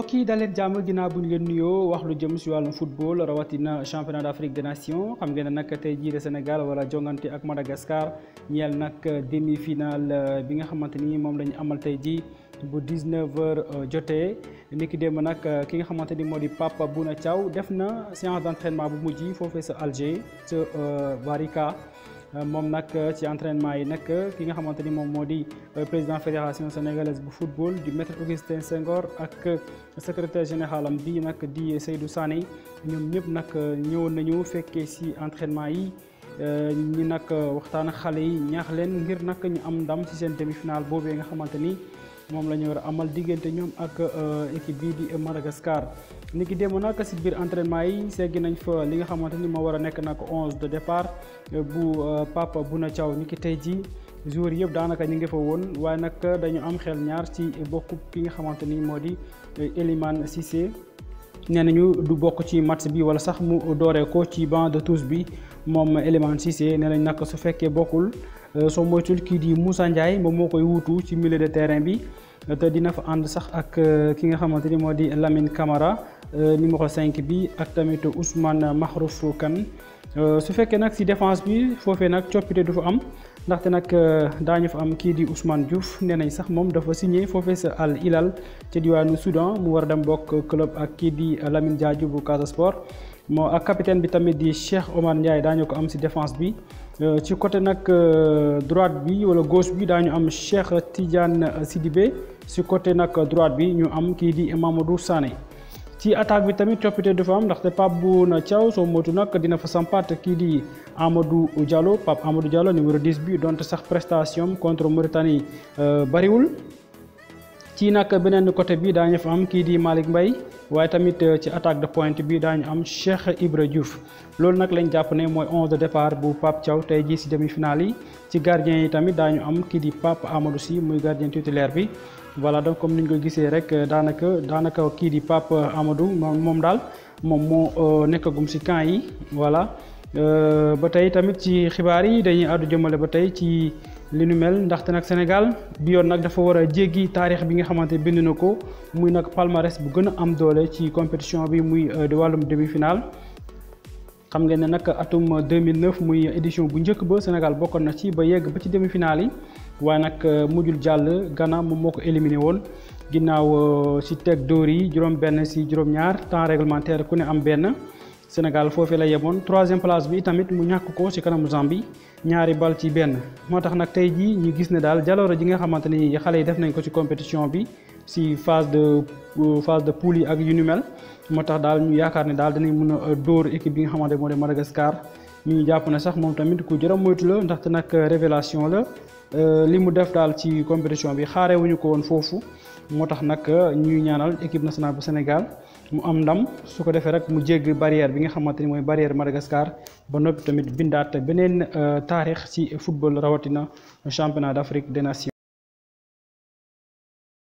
mbokk dalen daleen gina ginnaaw bu ñu leen wax lu jëm ci wàllum football rawatina championnat d'Afrique des nations xam ngeen nak tay tey jii de Sénégal wala jonganti ak Madagascar ñeel nak demi-finale euh, bi nga xamanteni mom lañu amal tay jii bu 19h euh, jotee niki dem nak euh, ki nga xamanteni modi Papa Bouna Thiaw def na séance d'entraînement bu mujj foofee sa Alger sa Varika moom nag euh, ci entraînement yi nag ki nga xamante ni moom moo di euh, président fédération sénégalaise bu football di maître Augustin Senghor ak euh, secretaire général am bi nag di Seydou Sané ñoom ñëpp nag ñëwoon nañu fekkee si entraînement yi ñi nag waxtaan xale yi ñaax leen ngir nag ñu am ndam ci seen demi-finale boobee nga xamante ni. moom la ñu war a amal diggante ñoom ak euh, équipe bii di Madagascar. ni ki démb nag si biir entraînement yi seggi nañ fa li nga xamante ni moo war a nekk na ko onze de départ euh, bu euh, Papa Bouna Thiaw ni ki tey jii. joueurs yëpp daanaka ñu ngi fa woon waaye nag dañu am xel ñaar ci bokku ki nga xamante ni moo di Elimane Cissé nee nañu du bokk ci match bi wala sax mu dooree ko ci banc de touche bi moom Elimane Cissé nee nañ nag su fekkee bokkul. Euh, soo moytul kii di Moussa Ndiaye moom moo koy wuutu ci milieu de terrain bi euh, te dina fa ànd sax ak euh, ki nga xamante ni moo di Lamine Camara numéro 5 bi ak tamit Ousmane Mahrouf Kane su fekkee si défense bi foofee nak coppite du fa am ndaxte nak daañu fa am kii di Ousmane Diouf nee sax moom dafa signé sa Al Hilal ca diwaanu Soudan mu war a dem bokk club ak kii di Lamine Diadio bu Casa Sport moo ak capitaine bi tamit di Cheikh Omar Ndiaye daañu ko am si défense bi. Euh, ci côté nag euh, droite bi wala gauche bi daañu am Cheikh Tidiane euh, Sidibé ci côté nag droite bi ñu am kii di Mamadou Sané ci attaque bi tamit coppitee coppite fa am ndaxte Pape Bouna Thiaw soo moytu nag dina fa sampaat kii di Amadou Diallo Pape Amadou Diallo numéro 10 bi donte sax prestation contre Mauritanie bariwul. ci nag beneen côté bi daañu fa am kii di Malick mbay waaye tamit euh, ci attaque de point bi daañu am Cheikh Ibra Diouf loolu nag lañ jàpp ne mooy onze de départ bu Pape Thiaw tey jii si demi-finale yi ci gardien yi tamit daañu am kii di Pape Amadou Sy muy gardien titulaire bi voilà donc comme ni ñu ko gisee rek euh, daanaka daanaka kii di Pape Amadou moom daal moom moo euh, nekkagum si camp yi voilà ba tey tamit ci xibaar yi dañuy àddu jëmale ba tey ci. li nu mel ndaxte nag Sénégal bi yoon nag dafa war a jéggi taarix bi nga xamante bind na ko muy nag palmarès bu gën a am doole ci compétition bi muy euh, di wàllum demi-finale. xam nga ne nag atum 2009 muy édition bu njëkk ba Sénégal bokkoon na ci ba yegg ba ci demi-finale yi waaye nag euh, mujjul jàll Ghana moom moo ko éliminé woon ginnaaw si euh, teg dóor yi juróom-benn si juróom-ñaar temps réglementaire ku ne am benn. Sénégal foofee la 3e place bi tamit mu ñakk ko ci kanam Zambie ñaari bal ci ben motax nak tay ji ñu gis ne dal jaloore ji nga xamanteni ni xale def nañ ko ci compétition bi ci phase de euh, phase de poule ak yu ñu mel motax dal ñu yaakar ne dal dañuy mëna a euh, équipe bi nga xamanté moo Madagascar ñu japp jàpp sax mom tamit ku jërëm moytu la ndax nak euh, révélation la li mu def dal ci compétition bi wuñu ko won fofu moo tax nag euh, ñuy ñaanal équipe nationale bu Sénégal mu am ndam su ko defee rek mu jégg barrière bi nga xamante ni mooy barrière Madagascar ba noppi tamit bindaat beneen euh, taarix ci football rawatina championnat d'Afrique des nations.